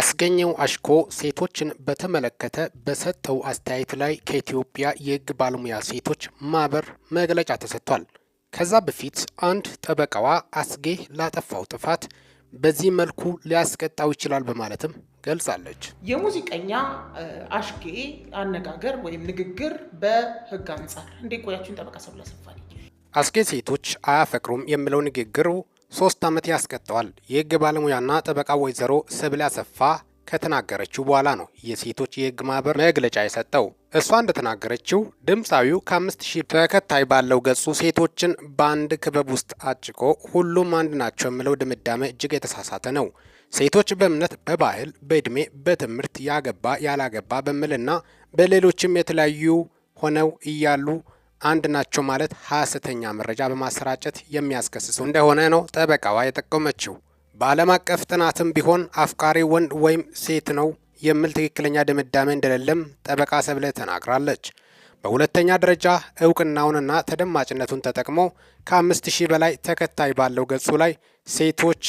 አስገኘው አሽኮ ሴቶችን በተመለከተ በሰጠው አስተያየት ላይ ከኢትዮጵያ የህግ ባለሙያ ሴቶች ማህበር መግለጫ ተሰጥቷል። ከዛ በፊት አንድ ጠበቃዋ አስጌ ላጠፋው ጥፋት በዚህ መልኩ ሊያስቀጣው ይችላል በማለትም ገልጻለች። የሙዚቀኛ አሽጌ አነጋገር ወይም ንግግር በህግ አንጻር እንዴ ቆያችሁን? ጠበቃ ሰብለ አስጌ ሴቶች አያፈቅሩም የሚለው ንግግሩ ሶስት ዓመት ያስቀጠዋል። የህግ ባለሙያና ጠበቃ ወይዘሮ ሰብለ አሰፋ ከተናገረችው በኋላ ነው የሴቶች የህግ ማህበር መግለጫ የሰጠው። እሷ እንደተናገረችው ድምፃዊው ከአምስት ሺህ ተከታይ ባለው ገጹ ሴቶችን በአንድ ክበብ ውስጥ አጭቆ ሁሉም አንድ ናቸው የሚለው ድምዳሜ እጅግ የተሳሳተ ነው። ሴቶች በእምነት፣ በባህል፣ በዕድሜ፣ በትምህርት ያገባ ያላገባ በሚልና በሌሎችም የተለያዩ ሆነው እያሉ አንድ ናቸው ማለት ሐሰተኛ መረጃ በማሰራጨት የሚያስከስሰው እንደሆነ ነው ጠበቃዋ የጠቆመችው። በዓለም አቀፍ ጥናትም ቢሆን አፍቃሪ ወንድ ወይም ሴት ነው የሚል ትክክለኛ ድምዳሜ እንደሌለም ጠበቃ ሰብለ ተናግራለች። በሁለተኛ ደረጃ እውቅናውንና ተደማጭነቱን ተጠቅሞ ከአምስት ሺህ በላይ ተከታይ ባለው ገጹ ላይ ሴቶች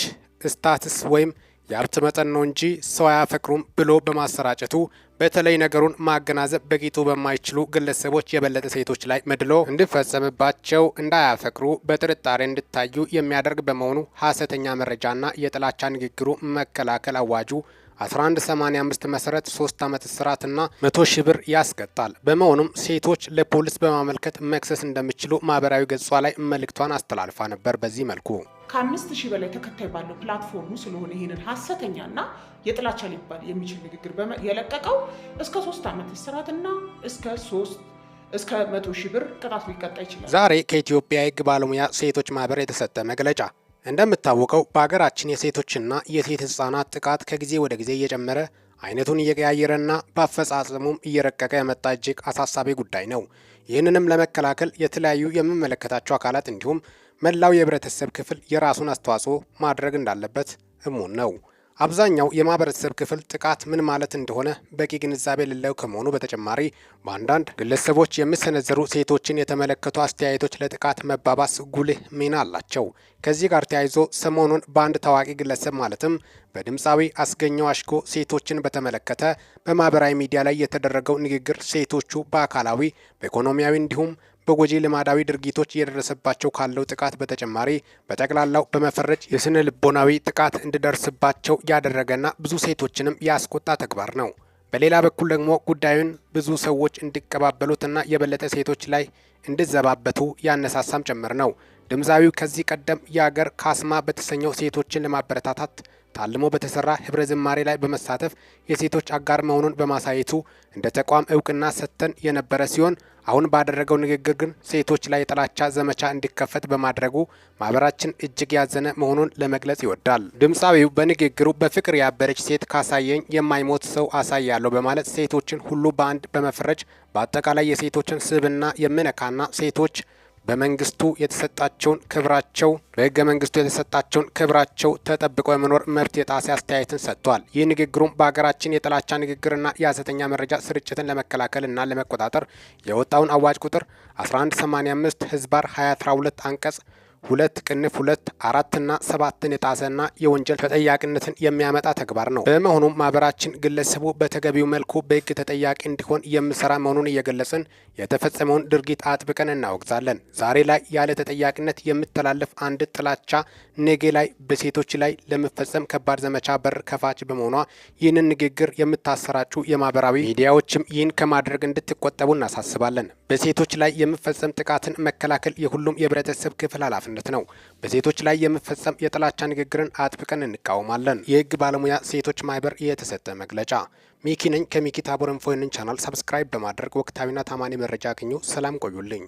ስታትስ ወይም የሀብት መጠን ነው እንጂ ሰው አያፈቅሩም ብሎ በማሰራጨቱ በተለይ ነገሩን ማገናዘብ በቂጡ በማይችሉ ግለሰቦች የበለጠ ሴቶች ላይ መድሎ እንዲፈጸምባቸው እንዳያፈቅሩ በጥርጣሬ እንዲታዩ የሚያደርግ በመሆኑ ሀሰተኛ መረጃና የጥላቻ ንግግሩ መከላከል አዋጁ 1185 መሰረት 3 ዓመት እስራትና 100 ሺህ ብር ያስቀጣል። በመሆኑም ሴቶች ለፖሊስ በማመልከት መክሰስ እንደሚችሉ ማህበራዊ ገጿ ላይ መልእክቷን አስተላልፋ ነበር። በዚህ መልኩ ከአምስት ሺህ በላይ ተከታይ ባለው ፕላትፎርሙ ስለሆነ ይህንን ሀሰተኛና የጥላቻ ሊባል የሚችል ንግግር የለቀቀው እስከ ሶስት ዓመት እስራትና እስከ ሶስት እስከ መቶ ሺህ ብር ቅጣት ሊቀጣ ይችላል። ዛሬ ከኢትዮጵያ የህግ ባለሙያ ሴቶች ማህበር የተሰጠ መግለጫ እንደምታወቀው በሀገራችን የሴቶችና የሴት ህጻናት ጥቃት ከጊዜ ወደ ጊዜ እየጨመረ አይነቱን እየቀያየረና በአፈጻጸሙም እየረቀቀ የመጣ እጅግ አሳሳቢ ጉዳይ ነው። ይህንንም ለመከላከል የተለያዩ የሚመለከታቸው አካላት እንዲሁም መላው የህብረተሰብ ክፍል የራሱን አስተዋጽኦ ማድረግ እንዳለበት እሙን ነው። አብዛኛው የማህበረሰብ ክፍል ጥቃት ምን ማለት እንደሆነ በቂ ግንዛቤ ሌለው ከመሆኑ በተጨማሪ በአንዳንድ ግለሰቦች የሚሰነዘሩ ሴቶችን የተመለከቱ አስተያየቶች ለጥቃት መባባስ ጉልህ ሚና አላቸው። ከዚህ ጋር ተያይዞ ሰሞኑን በአንድ ታዋቂ ግለሰብ ማለትም በድምፃዊ አስገኘው አሽኮ ሴቶችን በተመለከተ በማህበራዊ ሚዲያ ላይ የተደረገው ንግግር ሴቶቹ በአካላዊ በኢኮኖሚያዊ እንዲሁም በጎጂ ልማዳዊ ድርጊቶች እየደረሰባቸው ካለው ጥቃት በተጨማሪ በጠቅላላው በመፈረጅ የስነ ልቦናዊ ጥቃት እንዲደርስባቸው ያደረገና ብዙ ሴቶችንም ያስቆጣ ተግባር ነው። በሌላ በኩል ደግሞ ጉዳዩን ብዙ ሰዎች እንዲቀባበሉትና የበለጠ ሴቶች ላይ እንዲዘባበቱ ያነሳሳም ጭምር ነው። ድምፃዊው ከዚህ ቀደም የአገር ካስማ በተሰኘው ሴቶችን ለማበረታታት ታልሞ በተሰራ ህብረ ዝማሬ ላይ በመሳተፍ የሴቶች አጋር መሆኑን በማሳየቱ እንደ ተቋም እውቅና ሰጥተን የነበረ ሲሆን አሁን ባደረገው ንግግር ግን ሴቶች ላይ የጥላቻ ዘመቻ እንዲከፈት በማድረጉ ማህበራችን እጅግ ያዘነ መሆኑን ለመግለጽ ይወዳል። ድምፃዊው በንግግሩ በፍቅር ያበረች ሴት ካሳየኝ የማይሞት ሰው አሳያለሁ በማለት ሴቶችን ሁሉ በአንድ በመፈረጅ በአጠቃላይ የሴቶችን ስብዕና የምነካና ሴቶች በመንግስቱ የተሰጣቸውን ክብራቸው በህገ መንግስቱ የተሰጣቸውን ክብራቸው ተጠብቀው የመኖር መብት የጣሰ አስተያየትን ሰጥቷል። ይህ ንግግሩም በሀገራችን የጥላቻ ንግግርና የሀሰተኛ መረጃ ስርጭትን ለመከላከልና ለመቆጣጠር የወጣውን አዋጅ ቁጥር 1185 ህዝባር 212 አንቀጽ ሁለት ቅንፍ ሁለት አራትና ሰባትን የጣሰና የወንጀል ተጠያቂነትን የሚያመጣ ተግባር ነው። በመሆኑም ማህበራችን ግለሰቡ በተገቢው መልኩ በህግ ተጠያቂ እንዲሆን የምሰራ መሆኑን እየገለጽን የተፈጸመውን ድርጊት አጥብቀን እናወግዛለን። ዛሬ ላይ ያለ ተጠያቂነት የምተላለፍ አንድ ጥላቻ ነገ ላይ በሴቶች ላይ ለመፈጸም ከባድ ዘመቻ በር ከፋች በመሆኗ ይህንን ንግግር የምታሰራጩ የማህበራዊ ሚዲያዎችም ይህን ከማድረግ እንድትቆጠቡ እናሳስባለን። በሴቶች ላይ የምፈጸም ጥቃትን መከላከል የሁሉም የህብረተሰብ ክፍል ኃላፊነት ምስክርነት ነው። በሴቶች ላይ የሚፈጸም የጥላቻ ንግግርን አጥብቀን እንቃወማለን። የህግ ባለሙያ ሴቶች ማህበር የተሰጠ መግለጫ። ሚኪ ነኝ ከሚኪ ታቦር ኢንፎ። ይህንን ቻናል ሰብስክራይብ በማድረግ ወቅታዊና ታማኒ መረጃ አግኙ። ሰላም ቆዩልኝ።